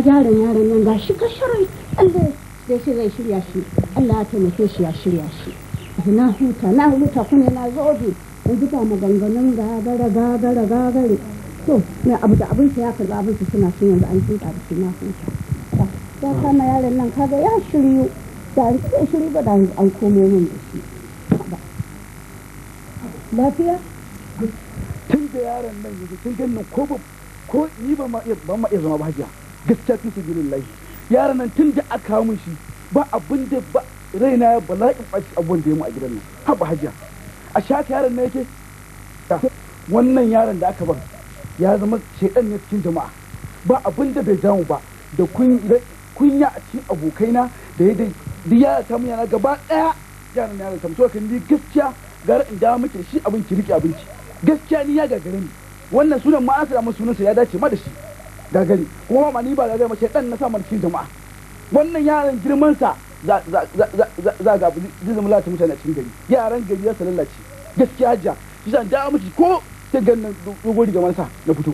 jarin yaran nan gashi ka shirin Allah ya shi zai shirya shi Allah ya taimake shi ya shirya shi na huta na huta kuma na zo bi in ji ga maganganun gagara gagara gagare to me abu da abinci ya karba abinci suna sun yanzu an tuka da shi na huta ya kama yaran nan kaga ya shiryu da an zai shiryu ba da an komo min da shi lafiya tun da yaran nan yanzu tun ganin ko ba ko ni ba ma iya zama ba hajiya gaskiya su gini lai yaran nan tun da aka kawo mun shi ba abin da ba raina ya bala'in ɓaci abubuwan da ya mu a gidan nan haba hajiya a shata yaron na yake wannan yaron da aka ban ya zama shaidan ne cikin jama'a ba abin da bai jamu ba da kunya a cikin abokaina da ya da yara ta mu yana gaba ɗaya. yaran yara ta mu kan ni gaskiya gara in da muke shi abinci riƙe rike abinci gaskiya ni ya gagare ni wannan sunan ma'asa da masu sunansa ya dace ma da shi gagari kuma ma ni ba gagari mace dan na samar cikin jama'a wannan yaran girman sa za ga zizin lati mutane a cikin gari yaran gari za su lalace gaskiya hajja shi zan da miki ko sai ganin dogon rigamar sa na fito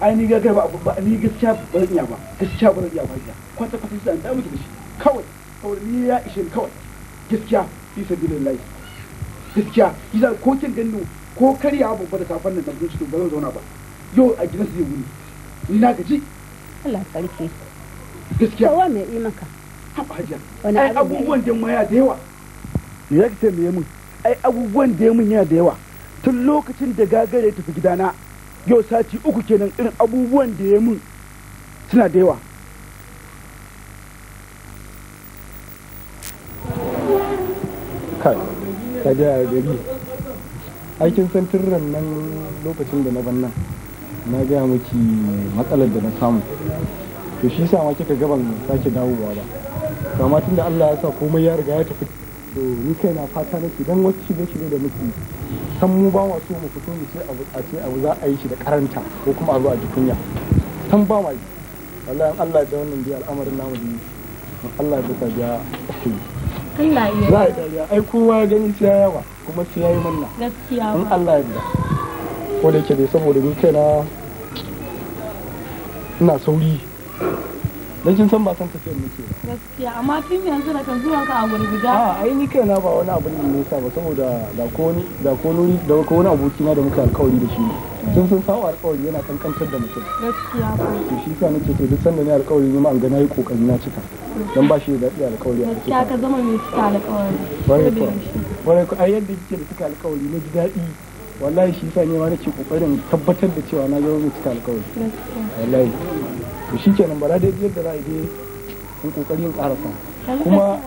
ai ni gagari ba ni gaskiya ba zan iya ba gaskiya ba zan iya ba kwata kwata shi zan da miki da shi kawai kawai ni ya ishe kawai gaskiya fi sabilillahi gaskiya shi zan ko kin ganin ko karya babba da safan nan da zuciya ba zan zauna ba yau a gidan su zai wuri ni na gaji Allah sarki gaskiya kowa mai yi maka haba hajiya ai abubuwan da ma ya da yawa ya ce me mun ai abubuwan da mun ya da yawa tun lokacin da gagare tafi gidana yau sati uku kenan irin abubuwan da ya mun suna da yawa kai ka ga gari aikin san nan lokacin da na ban nan na gaya miki matsalar da na samu to shi sa ma kika gaban sake dawowa ba kama da Allah ya sa komai ya riga ya tafi to ni kai na fata nake dan wasu shige shige da muke san mu ba wa so mu fito mu ce abu a ce abu za a yi shi da karanta ko kuma zo a jikunya san ba ma yi wallahi in Allah da wannan biya al'amarin namu ne Allah ya sa biya Allah ya za a yi dariya ai kowa ya gani sai yawa kuma sai yi manna in Allah ya yarda ko da yake dai saboda ni kaina ina sauri don kin san ba san tafiyar nake ba gaskiya amma tun yanzu da kan zuwa ka a gurguda a ai ni kaina ba wani abu ne sa ba saboda da ko ni da ko nuri da ko wani aboki na da muka alƙawari da shi sun san sawa alƙawari yana kankantar da mutum gaskiya ba to shi yasa nake ce duk sanda ni alƙawari ne ma an ga nayi kokari na cika dan ba shi da daɗi alƙawari a gaskiya ka zama mai cika alƙawari bare ko bare ko ai yadda kike da cika alƙawari na ji daɗi wallahi shi sa ne wani nake kokarin tabbatar da cewa na zama mai cika alkawari wallahi to shi kenan ba dai yadda za a je in kokarin karasa kuma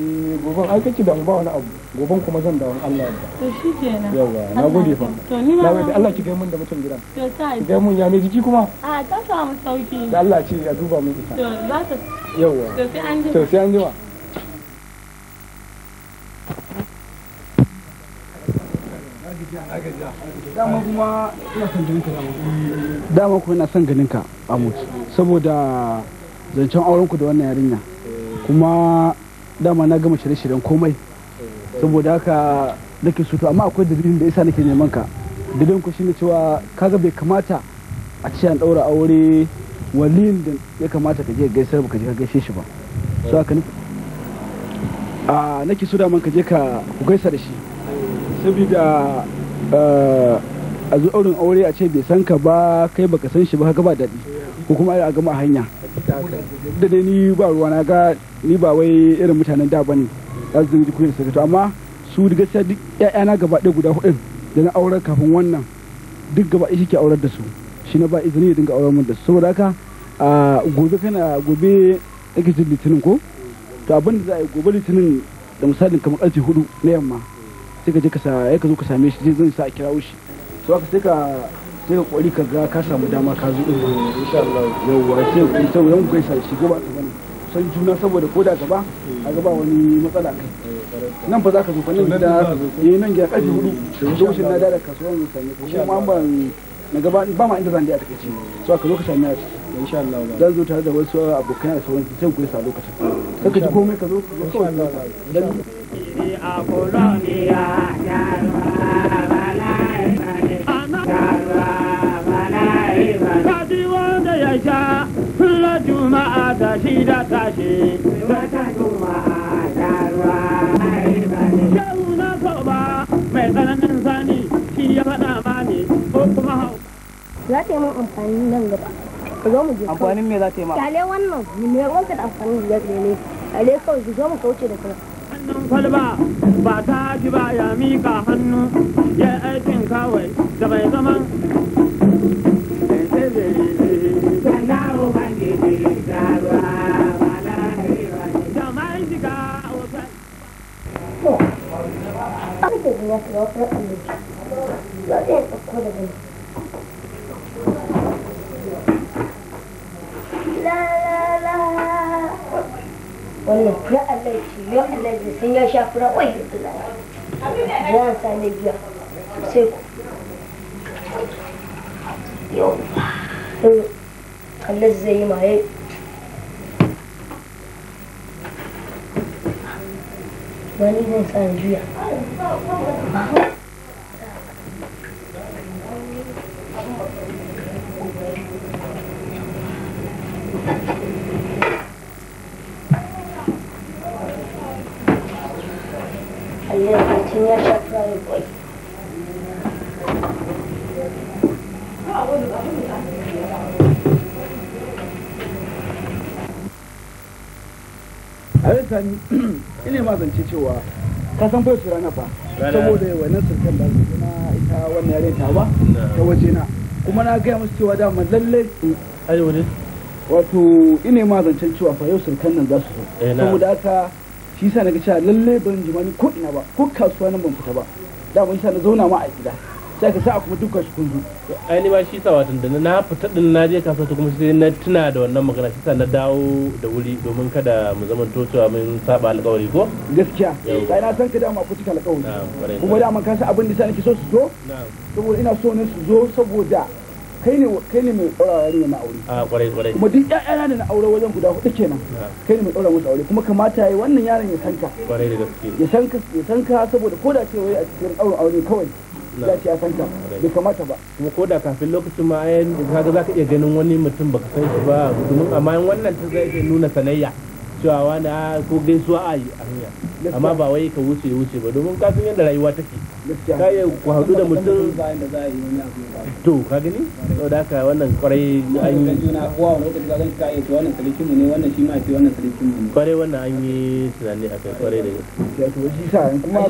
eh, goban ai kake da ba wani abu goban kuma zan da wani Allah ya to shi kenan yawa na gode fa to ni ma na Allah ki ga mun da mutum gidan to sai ki ga mun ya mai jiki kuma a ta samu sauki da Allah ce ya duba mun ita to za ta yawa to sai an jima to sai an jima dama kuma ina son ganin ka dama kuma ina son ganin ka amut saboda zancen auren ku da wannan yarinya kuma dama na gama shirye-shiryen komai saboda haka nake so to amma akwai dalilin da isa nake neman ka dalilin ku shine cewa kaga bai kamata a ce an daura aure walin da ya kamata ka je gaisar ka je ka gaishe shi ba so haka nake so da man ka je ka gaisa da shi saboda eh, a zo aure a ce bai san ka ba kai baka san shi ba haka ba daɗi ko kuma a gama hanya da dai ni ba ruwa na ga ni ba wai irin mutanen da ba ne za su ji kuyin sakato amma su da gaskiya duk ƴaƴana gaba ɗaya guda hudun da na aurar kafin wannan duk gaba ɗaya ke aurar da su shi na ba izini ya dinga aurar mun da su saboda haka gobe kana gobe ake jin litinin ko to abin da za a yi gobe litinin da misalin kamar ƙarfe hudu na yamma sai ka je ka sa ya ka zo ka same shi zai sa a kirawo shi to haka sai ka sai ka kokari ka ga ka samu dama ka zo insha Allah yawa sai ku sai ku sai sa shi gaba ka bane san juna saboda ko da gaba a gaba wani matsala kai nan fa za ka zo fa nan gida eh nan ga kafi hudu shi na da kasuwan mu sanye ko kuma ban na gaba ba ma inda zan da a takaice so ka zo ka same a ciki insha Allah zo tare da wasu abokan da sauran zan sa lokacin kaka ji komai ka zo insha a kolonia wanda ya da tashi wata juma'a ta ruwa shehu mai tsananin sani shi ya faɗa ko kuma za ta yi mun amfani nan gaba ka zo mu je amfanin me za ta yi ma kyale wannan me ruwanka da amfanin da zai ne kyale kawai ki zo mu kauce da kai hannun kwalba ba ta ji ba ya mika hannu ya aikin kawai da bai zaman Thank you. wannan ya Allah ce ya Allah ce ya sha fura wai ya sa ne biya sai ku yau eh, Allah zai yi maye wani zan sa ne biya Thank you. continuous supply boy. a yi tani ina ma cewa ka san bai su na fa saboda wannan surkan da su na ita wannan yare ta ba ta waje na kuma na gaya musu cewa dama lallai ayo ne wato ina ma cewa fa yau surkan nan za su zo saboda haka shi sa na ga cewa lalle ban ji wani ko ina ba ko kasuwa nan ban fita ba da mun sa na zauna ma a gida sai ka sa kuma dukkan shi kunzu ai ni ma shi sa wato dan na fita din na je kasuwa to kuma sai na tuna da wannan magana shi sa na dawo da wuri domin kada mu zaman to cewa mun saba alƙawari ko gaskiya sai na san ka dama ku cika alƙawari kuma da ka kasa abin da sai nake so su zo saboda ina so ne su zo saboda kai ne kai ne mai tsora yarinya na aure a ah, kwarai kwarai kuma duk ƴaƴa na na aure wajen guda hudu kenan ah. kai ne mai tsora musu aure kuma kamata yayi wannan yaron ya sanka kwarai da gaske ya sanka ya sanka saboda ko da cewa a cikin auren aure kawai za ci a sanka bai kamata ba kuma ko da kafin lokacin ma ayan kaga zaka iya ganin wani mutum baka san shi ba domin amma wannan ta zai nuna sanayya cewa wani ko gaisuwa a yi a hanya amma ba wai ka wuce wuce ba domin ka yadda rayuwa take ka yi ku haɗu da mutum to ka gani sau da haka wannan kwarai an yi kwarai wannan an yi tunani a kai kwarai da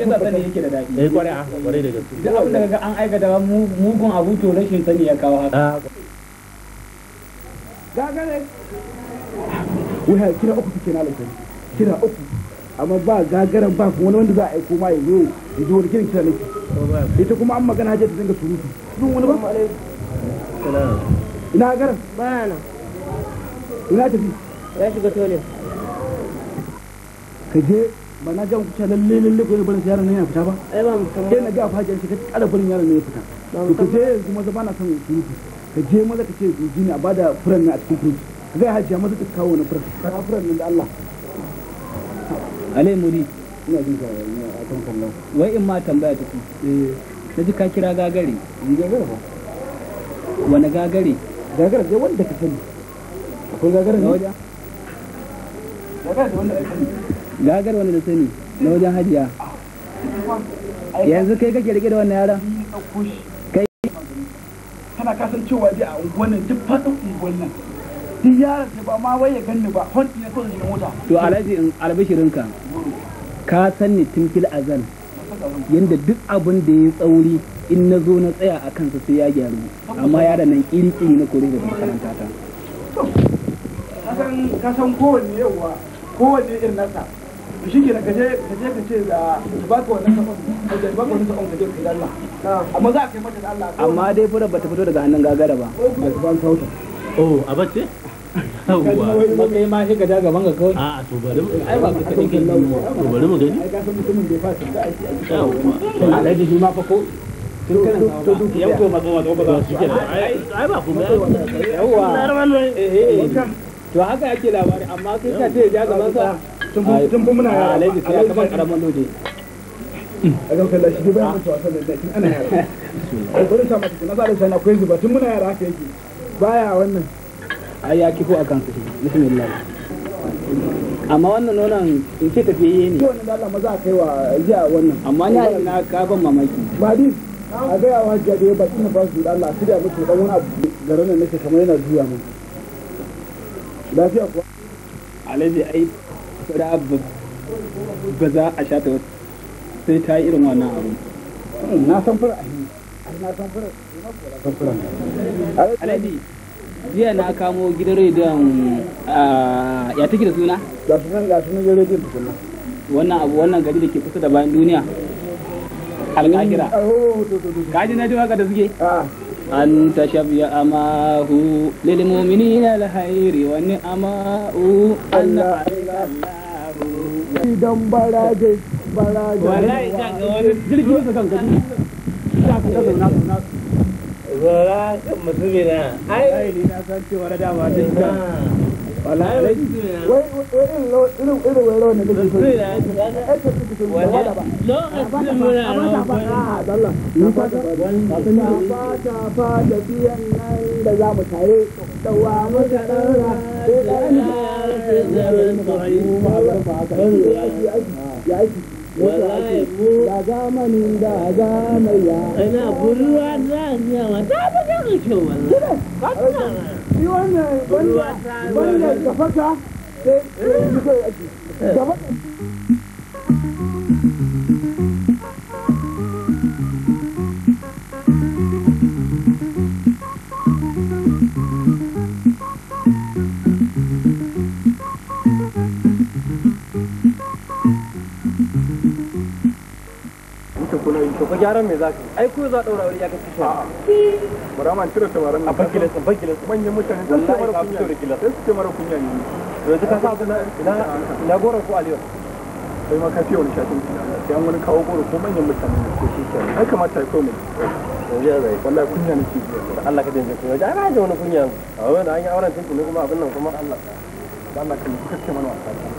gaske eh, ah, kwarai da gaske duk abin da ga an aikata mugun abu to rashin sani ya kawo haka ah, waya kira uku kike na lantarki kira uku amma ba gagaran ba wani wanda za a yi ma ya zo ya ji wani kiran kira nake ita kuma an magana hajjar ta dinga surutu sun wani ba ina garan ba na ina tafi ya shiga tole ka je ba na jan kusa lalle lalle ko barin yaron nan ya fita ba ai ba mutum sai na ga fajin shi ka kada barin yaron nan ya fita to ka je yanzu maza bana son surutu ka je maza ka ce ji a bada furan nan a cikin firiji zai hajjiya masu ta kawo wani furan furan nan da Allah alai muri ina jin ka a kan kallon wai in ma tambaya ta eh na ji ka kira gagare in gagare ba wani gagare gagare zai wanda ka sani akwai gagare ne wajen gagare wanda ka sani wanda na sani na wajen hajiya yanzu kai kake rike da wannan yaran kai kana kasan cewa dai a unguwan nan duk faɗin unguwan nan duk ta ba ma wai ya ganni ba honki na kawai shiga mota to alhaji in albishirinka ka san ni tun fil azan yanda duk abin da ya tsauri in na zo na tsaya a kansa sai ya gyaru amma yaron nan kiri-kiri na kore da makaranta ta ka san kowanne yawa kowanne irin nasa shi ke na kaje kaje ka ce da ba ka wannan sakon ka je ba ka wannan sakon ka je ka Allah? amma za ka kai mata da Allah amma dai fura bata fito daga hannun gagara ba ba ta sauta oh a abace kai ma shi ka ja gaban ga kawai a to bari mu ai ba ka to bari mu gani ai ka san mutumin da fasa da yawa alhaji shi ma fa ko to haka yake labari amma sai ka ce ja gaban sa tun tun muna alhaji sai ka ban karaman lode a ga kallon shi ba ana yara a gurin sa mata na sa da sana akwai tun muna yara haka yake baya wannan ai ya kifo a kansu bismillah amma wannan nonon in ce tafiye ne yau ne da Allah maza kai wa jiya wannan amma ni ai na ka ban mamaki ba di a ga yawa hajjia da ya baki na ba su da Allah da muke dan wani abu garin nan nake kamar yana zuwa mun lafiya kuwa alaji ai fara ba za a sha ta sai ta yi irin wannan abu hmm, na san fara na san fara alaji jiya na kamo gidan rediyon ya take da suna ga san ga su ne rediyon tukuna wannan abu wannan gari da ke kusa da bayan duniya alƙakira kaji na ji waka da suke an tashabya amahu lil mu'minina al khairi wa ni'amahu Allah idan baraje baraje wallahi ga wani jirgin sa kan gani zora mutumina ai na san cewa na dama din ta wallahi wai irin irin irin wai rawan da kake so ne ake kike so ba wala ba lokacin muna rawan ba Allah ni fa ta fa ta fa da biyan nan da za mu tare dawa mata dara da ina da zaman ta'ayyu ma ba ka ya aiki wallahi mu da zamanin da zamaya ina buruwa za yawa ta buga da kyau wallahi shi wannan wanda ka faka sai ka faka aikin kuna yi to gyaran me ai ko za daura aure ya ka kishi a'a a bakila san bakila manyan mutane sun ce mara kunya sai su ce mara kunya ne yanzu ka sa na na ko aliyu sai ma ka ce wani shafin sai an wani kawo goro ko manyan mutane ne ko shi kenan ai kamata ya komai yanzu zai wallahi kunya nake Allah ka dinga kunya ai ba da wani kunya a wannan an yi auren sai kuma abin nan kuma Allah Allah kan ce mana wasa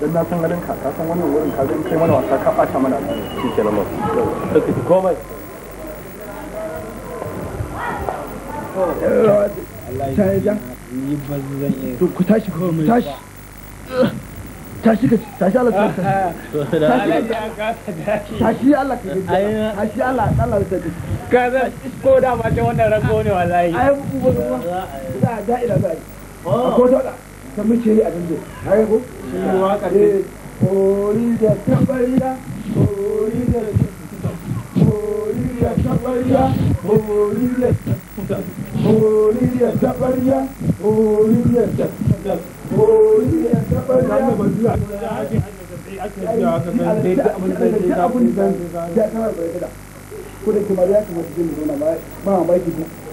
dan na san ganin ka san wannan wurin ka zai kai mana wasa ka ɓata mana shi ke nan ku tashi tashi tashi ka tashi Allah ta tashi tashi Allah ka tashi Allah Allah ta ka za ko da ma ta wannan rago ne wallahi ai ba za da da'ira za a ko ta ta muke yi abin da har ko shi waka ne kori da tabariya kori da kori da tabariya kori da kori da tabariya kori da kori da tabariya ka san da da da da da da da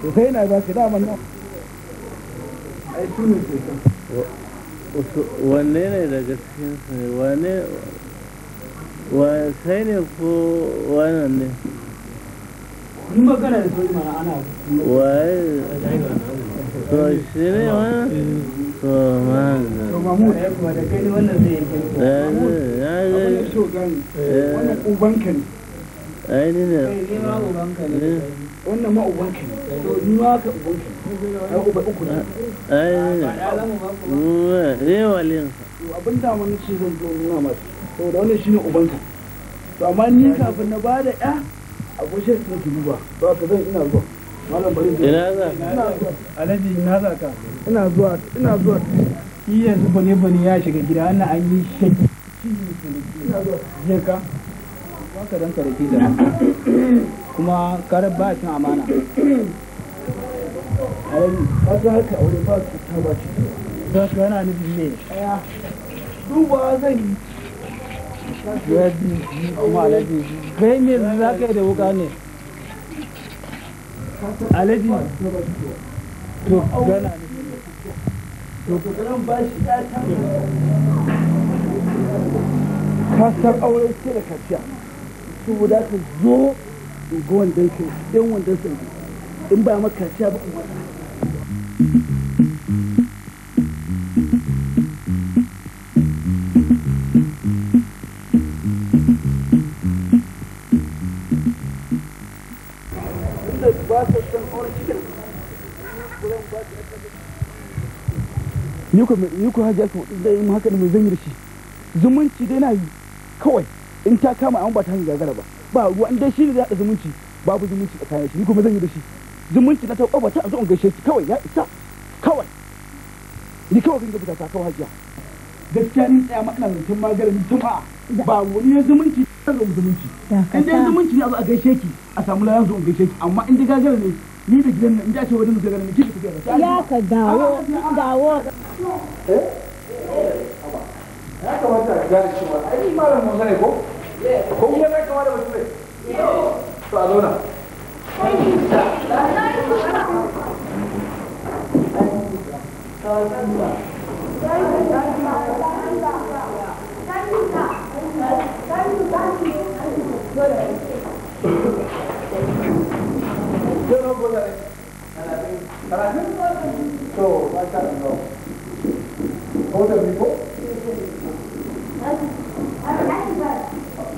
to na ba ki daman nan ai ke wanne ne daga cikin su wane wa ne ko wannan ne in magana da mana ana waye to shi ne wannan to to mamu da kuma da kai wannan zai yake eh, ya ya ya shogan wannan ubanka ne ai ne eh, ne ne eh. wannan ma ne Eh, eh, abin da zan zo amma ni kafin na ba da ya a gushe su su duba ba ka zan ina zuwa malam bari ina za alaji ina za ka ina zuwa ina zuwa shi yanzu bane bane ya shiga gida ana an yi shaki ina zuwa je ka ka ranka da amana ga haka aure su kasar aure ce da kaciya guda ka zo in ga wandan sai don wandan sai in ba maka ciya ba kuma ni ku hajji aka yi yin haka da mai zan yi da shi zumunci dai na yi kawai in ta kama an ba ta hanyar gagara ba ba ruwa in dai shi ne zai haɗa zumunci babu zumunci tsakanin shi ni kuma zan yi da shi zumunci na ta ƙofa ta zo in gaishe shi kawai ya isa kawai ni kawai kan gabata ta kawai hajiya gaskiya ni tsaya maka zancen ni tun ba wani ya zumunci ta zo zumunci in dai zumunci ne a zo a gaishe ki a samu layan zo in gaishe ki amma in dai gagara ne ni da gidan nan in da ce wani mutum gagara ne ki da kuke ga ya ka dawo dawo eh, eh ya kamata a gane cewa ai malamin ne ko Konggana kepada Muslim. Soal mana? Jangan boleh. Kalau ni, so macam no. Kau dah bimbo? Ada ada.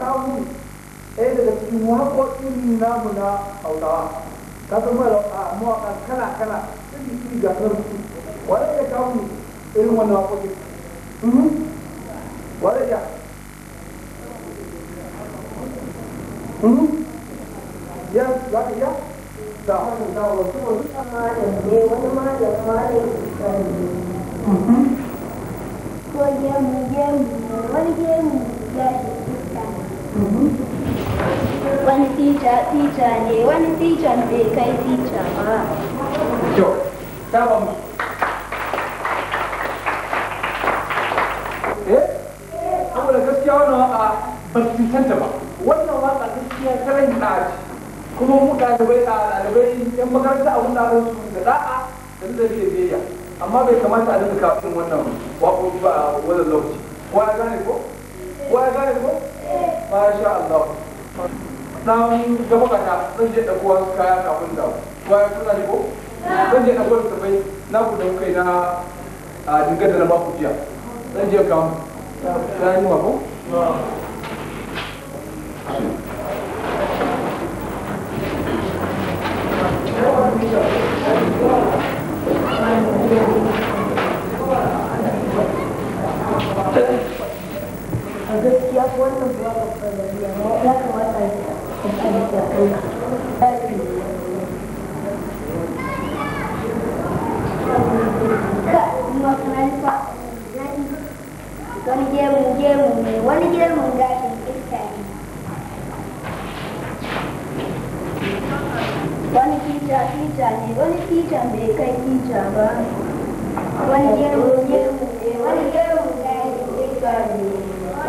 kawo ɗaya daga cikin waƙoƙin namu na hausawa ka san mara a kala kala sun kiri gasar su wadda ya kawo irin wannan waƙoƙin mhm. wadda ya mhm. ya za ka iya da hannun wani wani malam malam ko gemu wani teacher ne wani teacher bai kai teacher ba to sabon eh ba kuma mu ɗalibai a ɗalibai yan makaranta a wundarin su da da'a da da biyayya amma bai kamata a dinga kafin wannan waƙoƙi ba a wannan lokaci ko ya gane ko ko ya gane ko masha sha Allah dan gaba kana zan je da kowa kaya kafin da kowa kuna ne ko zan je da kowa su bai na ku da kai na a dingar da na ku jiya zan je kawo ta yi wa ko Thank you. agar setiap one membuang kepada yang maha kuasa itu kepada dari wani gemu gemu ne wani gemu gashin iska ne wani kita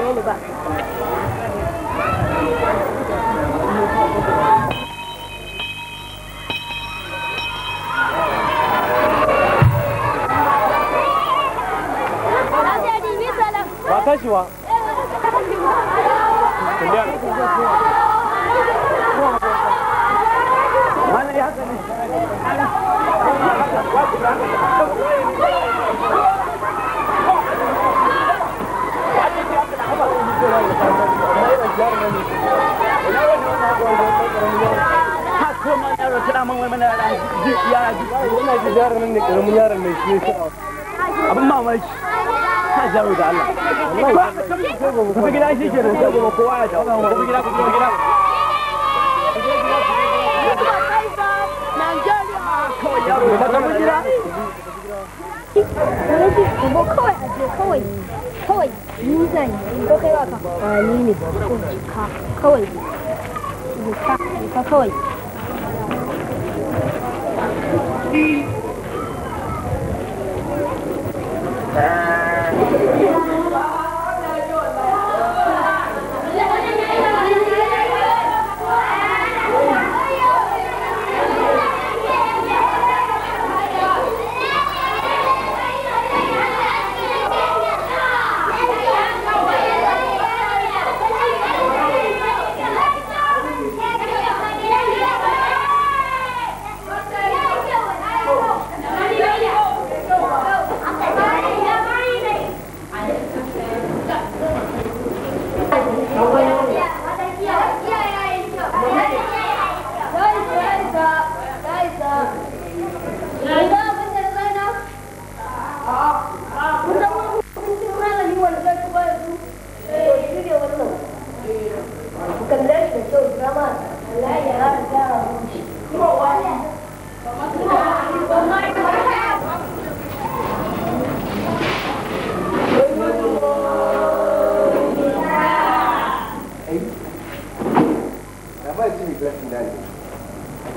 dulu pak Watashi wa Mana ya? abin mamaki ta da Allah Kawai kawai kawai 牛仔，OK OK，哇，牛牛，好可爱，牛牛，牛牛，好可爱。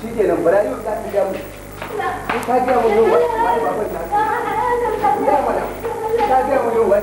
shi ke nan bara yau ta gaya mu ta gaya mu yau wai ta gaya ta gaya mu yau wai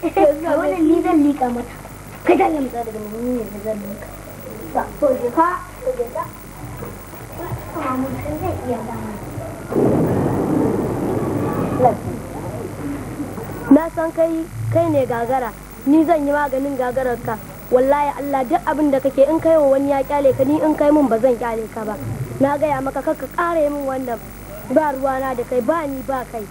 kai na san kai kai ne gagara ni zan yi maganin gagarar ka wallahi Allah duk abin da kake in kai wa wani ya kyale ka ni in kai mun ba zan kyale ka ba na gaya maka kakka kare min wannan ba ruwana da kai ba ni ba kai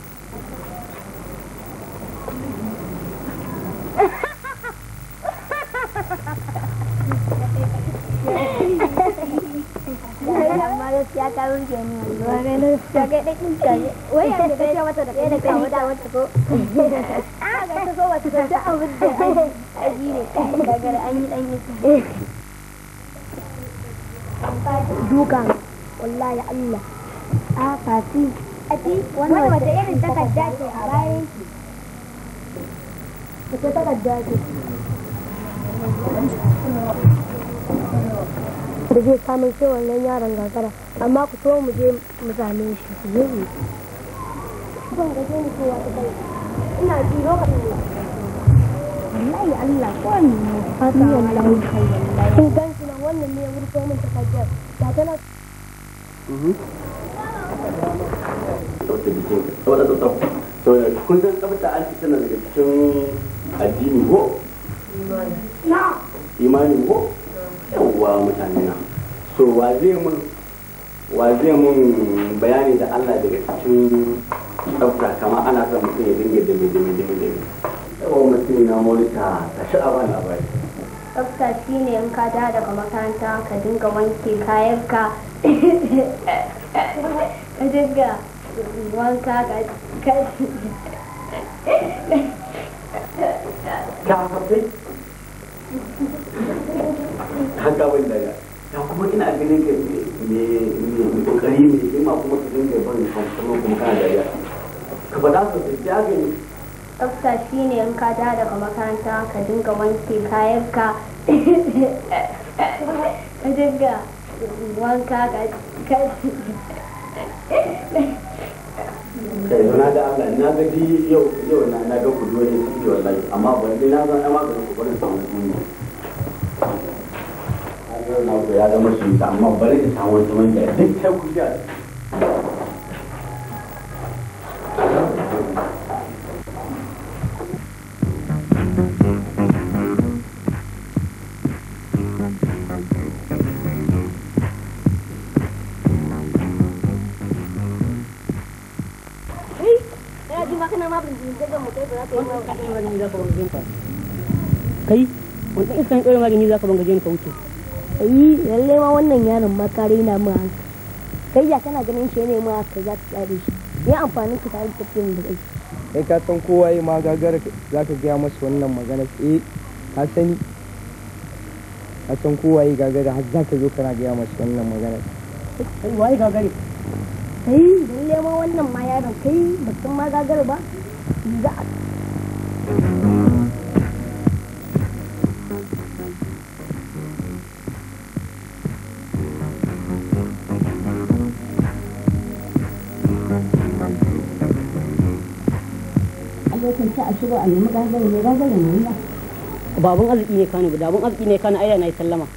ranar jami'a duka wallahi Allah a wata irin takarda ce a bayan ki wata takarda ce da zai samun sai wannan yaron gagara amma ku so mu je mu zame shi ku je ne ta ina ji lokacin da wallahi Allah ko ni ne fata wallahi kai wallahi ku ta mhm. daga cikin yawwa mutane na so wa zai mun wa zai mun bayani da Allah daga cikin tsafta kama ana son mutum ya dinga dame dame dame dame yawwa mutum na molita ta sha'aban labari tsafta shi ne in ka da daga makaranta ka dinga wanke kayan ka dinga wanka ka ka haka ban daga ya kuma ina ganin ka ne kokari me hima kuma ka dinga ban kuma kuma kana dariya ka fada faɗa sosai ya gani tsafta shine in ka da daga makaranta ka dinga wanke kayan ka ka dinga wanka ka kai na da Allah na ga yau yau na ga ku dole su yi wallahi amma ban dai na zan amma ga ku bari samu ko ya zama sunta amma bari ka samu wata wanda duk sai ku ji kai wata iskan ɗorin magani za ka bangaje ka wuce yi lalle ma wannan yaron ma na mu min hankali kai ya kana ganin shi ne ma ka za ka tsare shi ya amfanin ka tare tafiyan da kai kai ka san kowa yi ma gagar za ka gaya masa wannan magana eh ka sani ka san kowa yi gagar har za ka zo kana gaya masa wannan magana kai wai gagare kai lalle ma wannan ma yaron kai ba san ma gagar ba za a lokacin sai a shigo a nemi gangare mai ne ba babun arziki ne kano guda babun arziki ne kano aida na yi sallama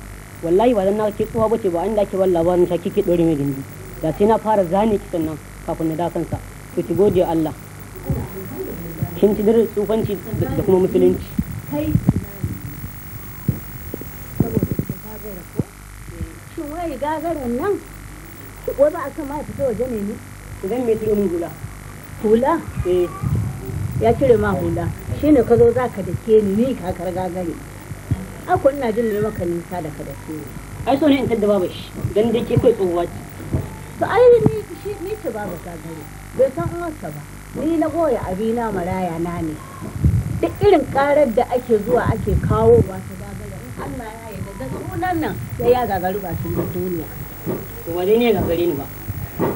wallahi ba dan na ke tsuwa bace ba an da ke ban labarin ta kike dore mai gindi da sai na fara zane ki sannan kafin na da kansa to ki gode Allah kin ci dare tsufanci da kuma musulunci kai shin gagarin nan ba a kama ta waje ne ne idan me tiro mun hula hula eh ya cire ma hula shi ne ka zo za ka da ke ni ni ka karga gani ako ina jin maka nisa da ka da ke ni ai so ne in tadda babu shi don da ke kai tsohuwa ce to ai ni shi ni ce babu ka gani bai san uwarsa ba ni na goya abina maraya na ne duk irin karar da ake zuwa ake kawo ba ta gagara Allah ya yi da sunan nan sai ya gagaru ba cikin duniya to wani ne gagare ni ba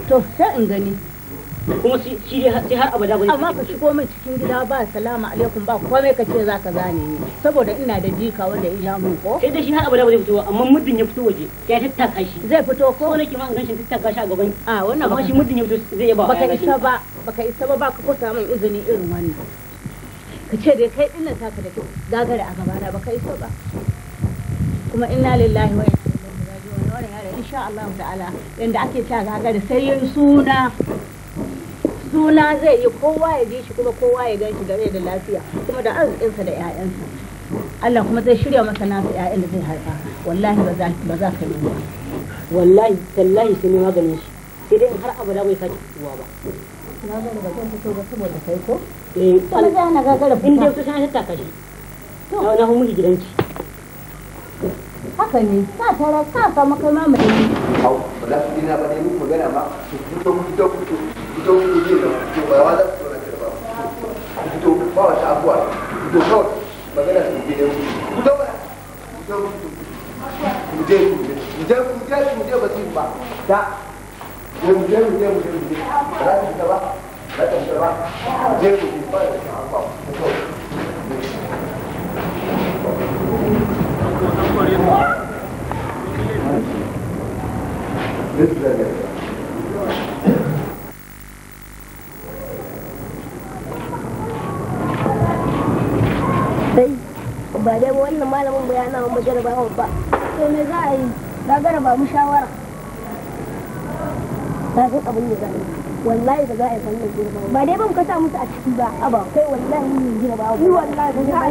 to sai in gani kuma shi dai sai har abada bai amma ka shigo min cikin gida ba salamu alaikum ba komai ka ce zaka zane ni saboda ina da jika wanda ya ja min ko sai dai shi har abada bai fito amma muddin ya fito waje ya tattaka shi zai fito ko wani kima ganin shi tattaka shi a gaban a wannan ba shi muddin ya fito zai yaba baka isa ba baka isa ba baka ko samun izini irin wannan ka ce dai kai dinnan taka da gagara a gabana baka isa ba kuma inna lillahi wa inna ilaihi raji'un wannan yare insha Allah ta'ala yanda ake cewa gagara sai yayi suna suna zai yi kowa ya ji shi kuma kowa ya gan shi da rai da lafiya kuma da arzikinsa da 'ya'yansa Allah kuma zai shirya masa nasu 'ya'yan da zai harka wallahi ba za ka yi ba wallahi tallahi sun yi maganin shi sai dai har abu da bai sake fitowa ba na ga ba kan fito ba saboda kai ko eh Allah ya na gagara in dai kusa ta kashi to na hu mu gidanki haka ne ka tara ka au ba za su ba ne muku magana ba su fito fito fito fito fito da ba wa da su zo na ba ku fito ba wa ta abuwa fito kawai magana su je ne ku fito ba fito fito ku je ku je ku je ku je ku je ba ba da je mu je mu je mu je mu je ba da ta ba za su ba je ku ba abuwa ku ba dai wannan malamin ba to me za a yi na garaba mu shawara abin da za a yi wallahi da za a yi ba dai ban musu a ciki ba a ba kai wallahi ne ni wallahi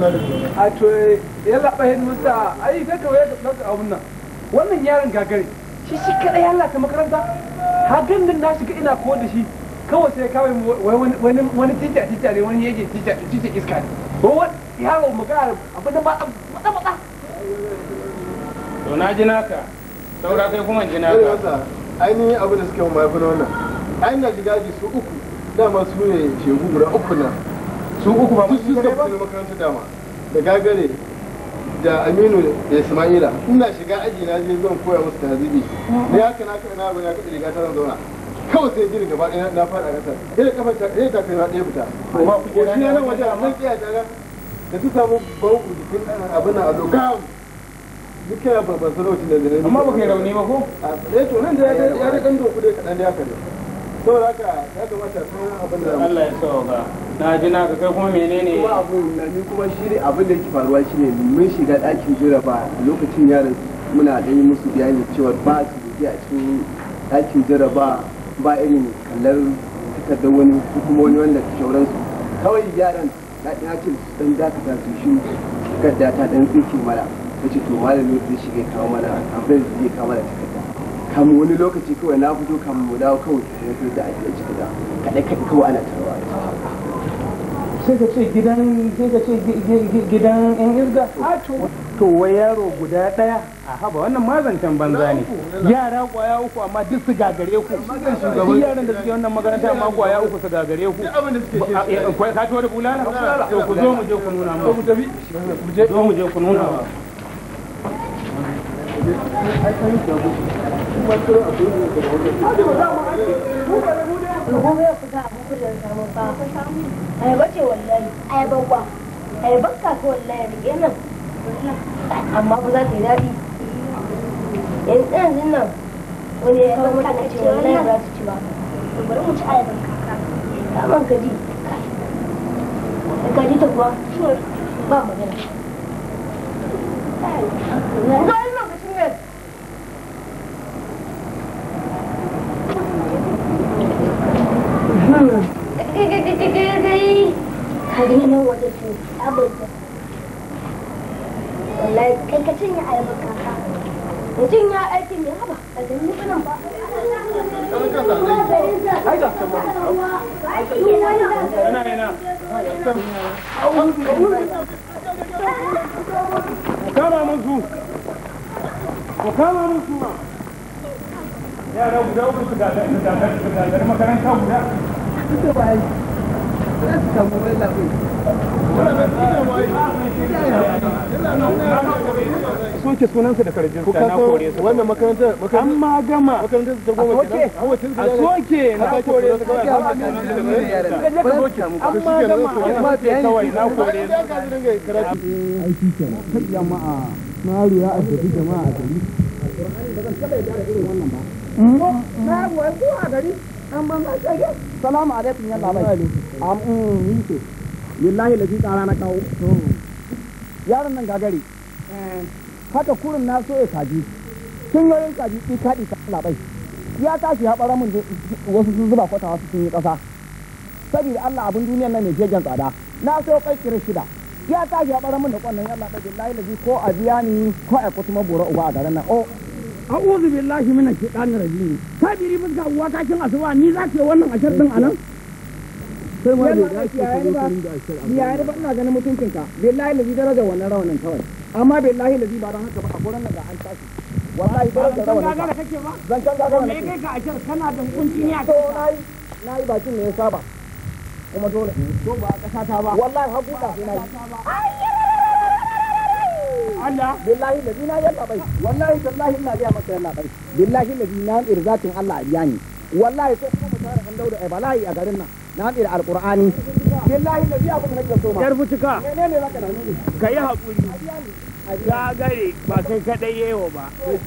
a to ya laɓa hin mutta ai ga kawai ga ɗauka wannan yaron gagare shi shi kaɗai ya lata makaranta na shiga ina ko da shi kawai sai kawai wani wani ne wani yake tita iska ne ko wani yaro magana da ba mata mata to na ji naka saura kai kuma ji naka eh, ainihin abin da suke mafi wannan ainihin da su uku dama su ne shegu guda uku na su uku ba su suka fito makarantar dama da gagare da aminu da ismaila ina shiga aji na je zan koya musu tahzibi ne haka na kai na abin ya kaɗe riga ta zan zauna kawai sai jiri gaba ɗaya na faɗa ƙasa ɗaya kafa ta ɗaya ta kai na ɗaya fita kuma shi na nan wajen nan ƙiya ta ga da su samu bau jikin abin nan a zo gam duk yana babban sarauci da zai amma ba kai rauni ba ko? eh to nan da ya ɗan doku dai kaɗan da ya kaɗan to haka ya kamata san abin da Allah ya sauka na ji na ka kai kuma menene kuma abu na ni kuma shi ne abin da yake faruwa ne mun shiga ɗakin jaraba lokacin yaran muna da yi musu bayani cewa ba su da a cikin ɗakin jaraba ba irin kallar takardar wani hukumomi kuma wani wanda shauransu kawai yaran na ɗaya ce su dan dakata su shi takarda ta dan tsike mana ta ce to malamin zai shiga kawo mana abin zai kawo mana takarda kamun wani lokaci kawai na fito kamun mu dawo kawai na fito da ake ciki da kaɗai kaɗai kawai ana tarwa sai ka ce gidan sai ka ce gidan yan irga to wai yaro guda ɗaya a haba wannan mazancan banza ne yara kwaya uku amma duk su gagare ku duk yaran da suke wannan makaranta amma kwaya uku su gagare ku eh, ka tuwa da bulala to ku zo mu je ku nuna mu zo mu je ku nuna mu amma ba za ta yi daɗi yanzu yanzu nan wani ya kawo mutane ce wallahi ba su ci ba bari mu ci ayaban kaka kaman kaji kaji ta kuwa ba magana Ka gina wata cuta ka cinye a musu, ma. makaranta duk da bayan za su samu wani sunansa da karjin sa na kore su wannan makarantar an ma gama makarantar ta goma kenan a soke na kore su kawai an ma gama kawai na kore su aiki kenan kan jama'a maru ya addabi jama'a a gari ba zan taɓa yadda da irin wannan ba na ko a gari dan banza kage salamu alaikum ya labai am um mm, yake billahi lafi tsara na kawo yaron nan gagare eh. haka kurin na so ya kaji yi yoyin kaji ɗi kaɗi ta labai ya tashi ya ɓara mun wasu sun zuba kwata wasu sun yi ƙasa saboda Allah abin duniyar nan ne jegen tsada na so kai kira shida ya tashi ya ɓara mun da ƙwannan ya labai billahi lafi ko a biya ni ko a kutu mabura uba a garin nan oh, a'udhu billahi minash shaitanir rajim sabiri fuska uwa kin asuba ni za ka wannan ashar din anan sai ma da shi ya yi ashar amma ya ba ina ganin mutuncin ka billahi lazi daraja wannan rawanin kawai amma billahi lazi ba dan haka ba a gurin nan da an tashi wallahi ba daraja rawanin ba zan kan gaga ne kai ka ashar kana da hukunci ne a kai nayi nayi bakin ne ya saba kuma dole to ba a kasa ta ba wallahi hakuka sai nayi Allah billahi ladhi na yalla bai wallahi tallahi ina ga maka yalla bai billahi ladhi na yin irzatin Allah a biya ni wallahi sai kuma mutare an dauda ai bala'i a garin nan na amir alqur'ani billahi ladhi abu da kake so yar futuka menene zaka na nuni kai hakuri ka gare ba kai kadai yewa ba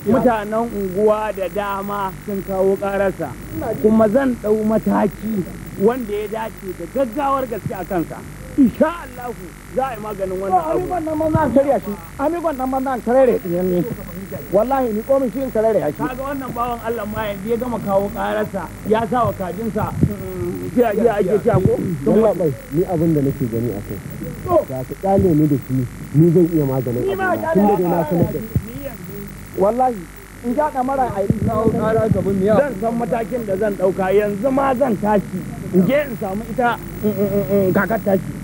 mutanen unguwa da dama sun kawo karasa kuma zan dau mataki wanda ya dace da gaggawar gaske a kansa insha Allah za a yi maganin wannan abu ami wannan ma zan karya shi ami wannan ma zan karere din ne wallahi ni komin shi in karere ya shi kaga wannan bawan Allah ma yanzu ya gama kawo kararsa ya sa wa kajinsa ya ya ake ta ko don labai ni abin da nake gani a kai da ka kale ni da shi ni zan iya maganin abu tun da na sanar da wallahi in ja kamara a yi kawo kara gaban miya zan san matakin da zan dauka yanzu ma zan tashi in je in samu ita mm, mm, mm, kakar tashi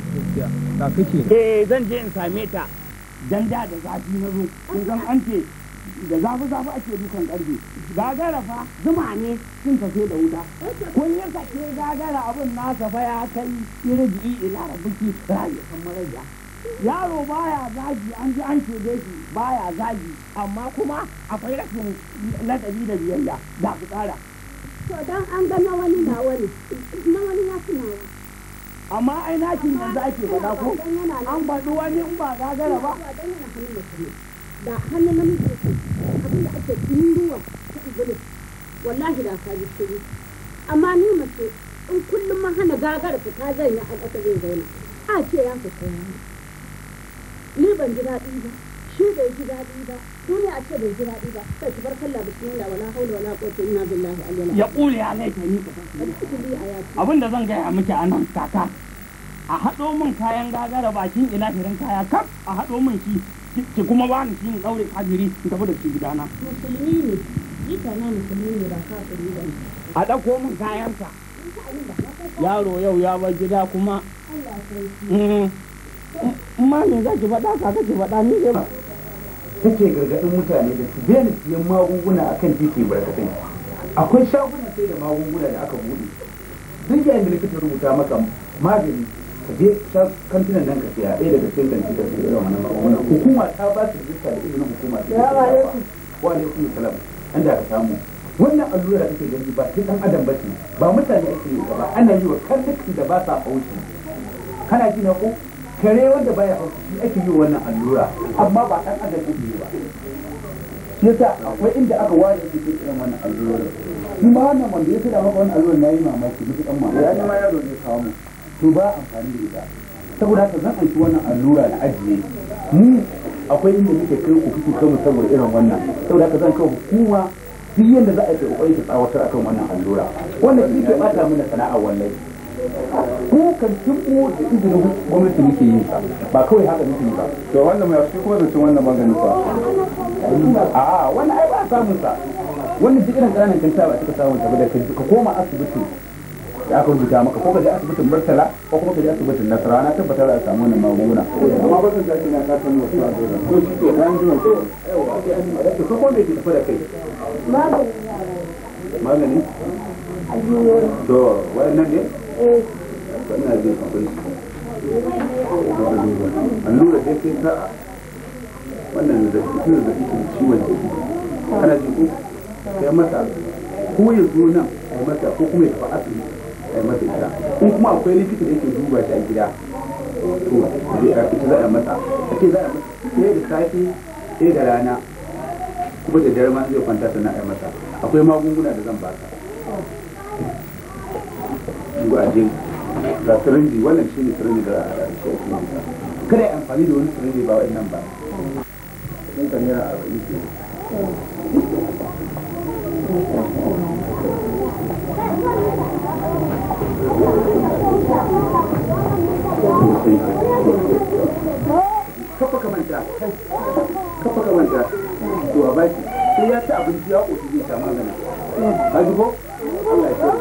da eh zan je in same ta dan da da zafi na zo kun san an ce da zafi zafi ake dukan karfe gagara fa zuma ne sun tafe da wuta kun yi kashe gagara abin nasa fa ya kai yi ila rabbiki rayu kan maraja yaro baya zagi an ji an da shi baya zagi amma kuma akwai rashin ladabi da biyayya da ku tsara to dan an ga na wani na wani na wani ya fi amma ai nakin yanzu ake faɗa ko an faɗi wani in ba gagara ba da hannun namiji abin da ake tunduwa ta iblis wallahi da ka ji amma ni mace in kullum ma hana gagara ka ta zanya a ƙasa zai zaina a ce ya fita ni ban ji daɗi ba shi bai ji daɗi ba duniya a ce bai ji daɗi ba sai ki bar kalla bismillah wala haula wala quwwata illa billahi aliyyil ya quli alayka ni abin da zan gaya miki anan kaka a haɗo min kayan gagara bakin ilahirin kaya kaf a haɗo min shi ki kuma ba ni shi daure kajiri ki tafi da shi gidana musulmi ne jika na musulmi ne ba kafiri ba a ɗauko min kayanta, yaro yau ya bar gida kuma Allah ma me za ki faɗa ka kake faɗa ni ne. ba take gargaɗin mutane da su daina siyan magunguna a kan titi barkatai akwai shaguna sai da magunguna da aka buɗe duk yayin da likita rubuta maka magani ka je kantinan nan ka siya ɗaya daga cikin da su irin wannan magunguna hukuma ta ba su rubuta da izinin hukuma ta wa alaikum salam da ka samu wannan allura da take gani ba sai dan adam ce ba mutane ake yi ba ana yi wa da ba sa haushi kana ji na ko kare wanda baya shi ake yi wannan allura amma ba ɗan adam ake yi ba yasa akwai inda aka ware shi ke irin wannan allura shi ma wannan wanda ya fi da maka wannan allura na yi mamaki duk ɗan mamaki ya ma yaro ne kawo mu to ba amfani da ita saboda haka zan aiki wannan allura na ajiye ni akwai inda muke kai ku kuku kanmu saboda irin wannan saboda haka zan kawo hukuma duk yadda za a yi ƙoƙari ta tsawatar akan wannan allura wannan shi ke ɓata mana sana'a wallahi ko kantin mu da izinin gwamnati muke yin sa ba kawai haka muke yi ba to wannan mai wasu kuma zancen wannan magani ba a wannan ai ba samun sa wannan duk irin ƙananan kanta ba cika samun sa ba da ka koma asibiti da aka rubuta maka ko ka je asibitin Murtala ko kuma ka je asibitin Nasara na tabbatar da a samu wannan magunguna amma ba san jaki na ka san wasu a dole to shi ke nan jiran ko. yawa sai an ke tafi da kai magani magani to wannan ne ina jin akwai su allura dai sai ta wannan da cikin da cikin ciwon da kana ji ko sai mata ko ya zo nan ai mata ko kuma ya tafi asibiti ai mata ita in kuma akwai likita da yake duba shi a gida to zai a ita za a mata a ce za a mata sai da safe sai da rana kuma da dare zai kwanta sannan ai mata akwai magunguna da zan ba baka wajen da jin wannan shi ne sirinji da ake kada ya amfani da wani sirinji ba wa'in nan ba sun kan yana a wani ke kafa kamanta kafa kamanta to a baki sai ya ci abinci ya ƙoshi zai sha magana hajji ko Allah ya ce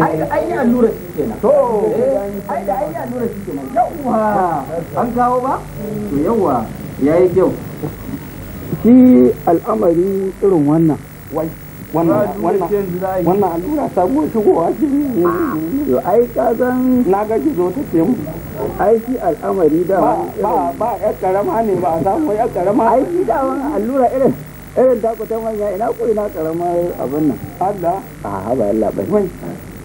ai da ai allura shi kenan to ai da ai allura shi kenan yawa an kawo ba to yawa yayi kyau shi al'amari irin wannan Wannan wannan allura samu shigowa shi ne yo ai kazan na ga ki zo ta ce mu ai shi al'amari da ba ba ya karama ne ba samu ya karama ai shi da wannan allura irin irin ta manya ina ko ina karamar abin nan Allah a haba Allah bai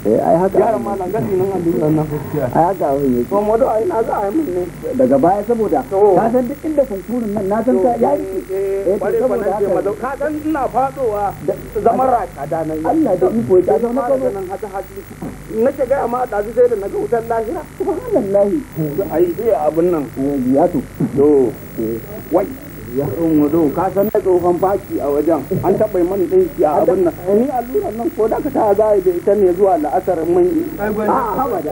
Eh, ai haka yaran ma nan gadi nan nan ai haka abin yake kuma ai na za a yi mun ne daga baya saboda ka san duk inda kunkurin nan na san ka ya yi eh, eh, eh bare ba nan ce ka san ina fadowa zaman raka da nan Allah da iko ya na nan haji nake ga amma da zai da naga wutar lahira subhanallahi ai sai nan ya to to wai ya tsun wudu ka san na tsohon faki a wajen an taɓa mani ɗinki a abin nan ni allurar nan ko da ka ta za da ita ne zuwa la'asar mun a hawa da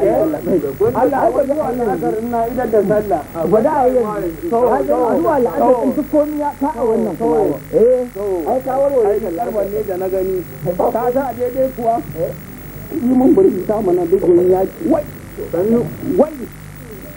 Allah haka zuwa la'asar na idan da sallah ba da ayi to haka zuwa la'asar in su komi ya ka a wannan kuma eh ai ka warware kallar ne da na gani ka san a daidai kuwa eh. yi mun burki ta mana duk wani yaki wai wai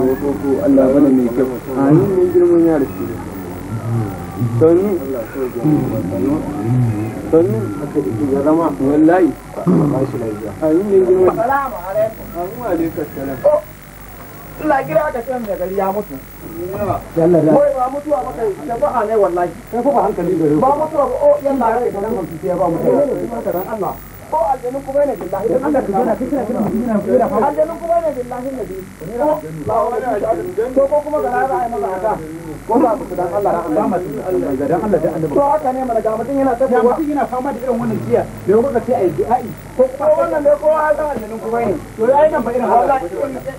ko ko Allah bane mai kyau a yi mun girman yara shi sannu sannu haka ya zama wallahi ba shi lafiya a yi girman salamu alaikum assalamu alaikum salam oh, Allah kira ka san da gari ya mutu. ba mutuwa ba kai ne wallahi. ko fa hankali da ba mutuwa ba oh yalla mutu ba Allah. ko aljanun kuma yana billahi da Allah ka zana kira kira kira aljanun kuma yana billahi da ko ko kuma maza haka ko ba ku dan Allah ra'ayi ba mutum Allah dan Allah to haka ne mana ga mutum yana mutum yana fama da irin wannan jiya da yau kuka ai du'a'i ko kuma wannan ne ko aljanun kuma ne to ai nan irin haka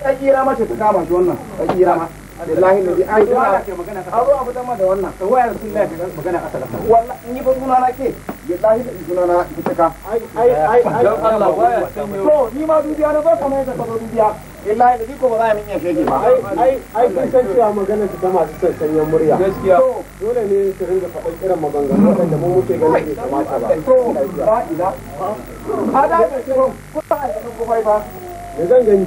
ai kira mace ta kama shi wannan ai kira billahi ne bi ai ina ke magana ka abu abu dama da wannan to wayar sun lafi magana ka talaka wallahi ni ba suna ke billahi da suna na ita ka ai ai ai dan Allah waya to ni ma dubiya na ba kamar ka zo dubiya da ko ba za mu iya shege ba ai ai ai kun san cewa magana ta masu sansanyen murya gaskiya dole ne su ringa faɗan irin maganganu waɗanda mu muke ganin bai kamata ba to ba ina ba da ke ko ba da ko bai ba me zan gani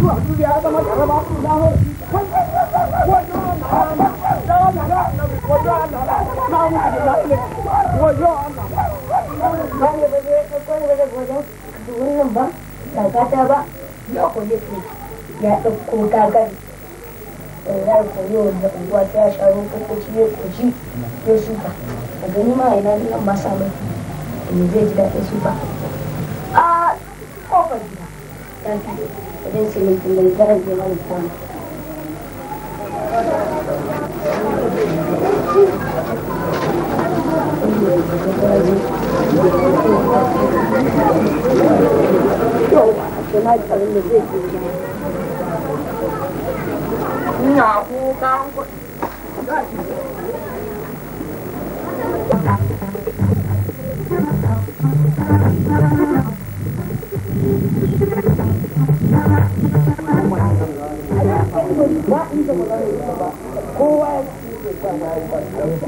zuwa ya zama karama lahor wajo Allah kakata ba ya koyi ce ya ɗauko gagari unguwa ta ya sharo kokoci ya shuka ma ina ba mai zai ji daɗin وبين سلمت من البرد ومن الطعم Thank you.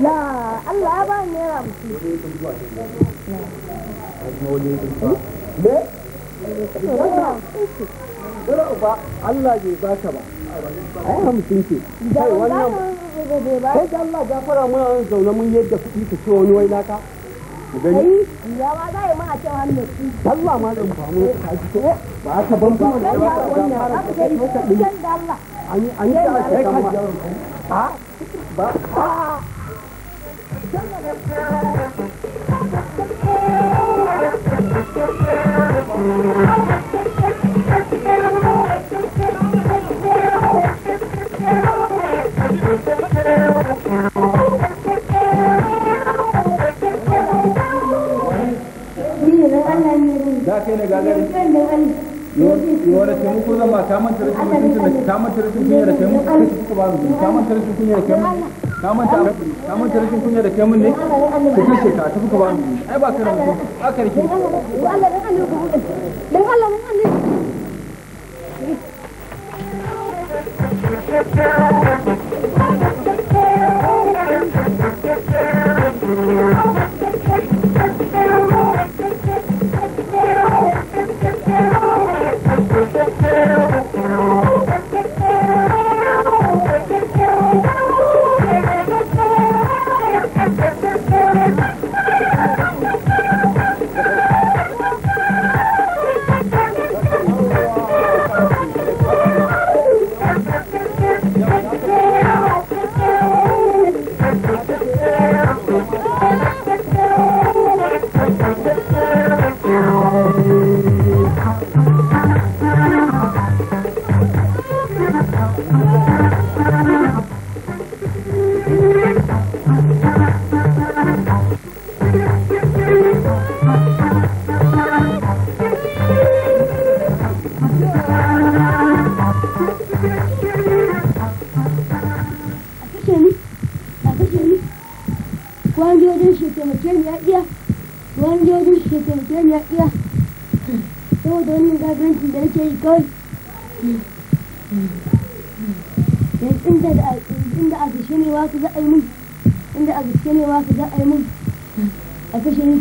La Allah ya ba ni naira bai ba ka ba. Ai hamsin ce. Kai wannan. Kai da Allah ya fara mun zaune mun yadda kuɗi ka ce wani wai naka. gani yawa za a yi ma'a cewa hannu Allah ma zan famu a cikin ba a ka bambu wanda ya ba ka ga masa ɗin an yi an yi ta ake kan ba a ba za ka yi da gagari yawar taimako zan ba ka da kunya da mun ne kashe ka tafi ba mu ai ba aka rike Allah Allah ku dan Allah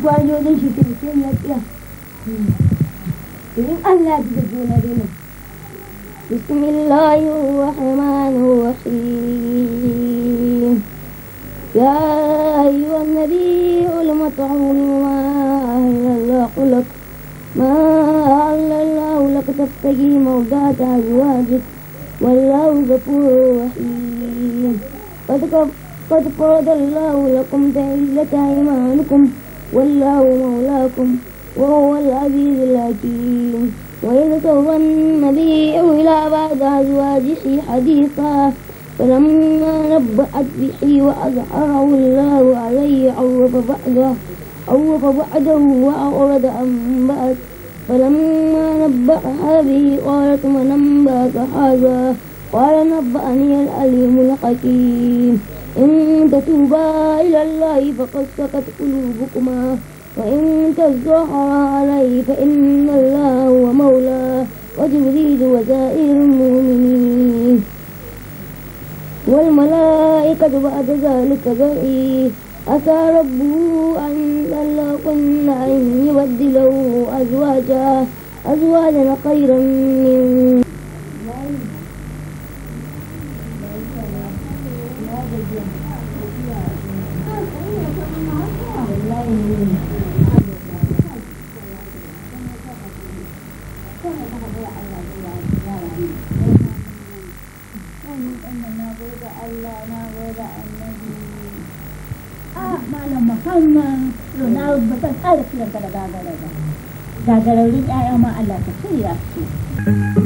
بسم الله الرحمن الرحيم يا أيها النبي المطعون ما أهل الله قل لك ما أهل الله لك تبتغي موضع أزواجك والله غفور رحيم قد فرض الله لكم تهلة أيمانكم والله مولاكم وهو العزيز الحكيم وإذا سوى النبي إلى بعض أزواجه حديثا فلما نبأت به وأظهره الله عليه عرف بعده عرف بعده وأعرض أنبأت فلما نبأها به قالت من أنبأك هذا قال نبأني العليم الحكيم إن تتوبا إلى الله فقد سقت قلوبكما وإن تزرعها عليه فإن الله هو مولاه وجبريل وزائر المؤمنين والملائكة بعد ذلك ظهير أتى ربه أن كنا أن يبدله أزواجا أزواجا خيرا من Allah na gode annabi a ah, malam muhammad ronald ba zan ƙara kiranka da gagararra gagararrun 'ya'ya ma Allah ka shirya su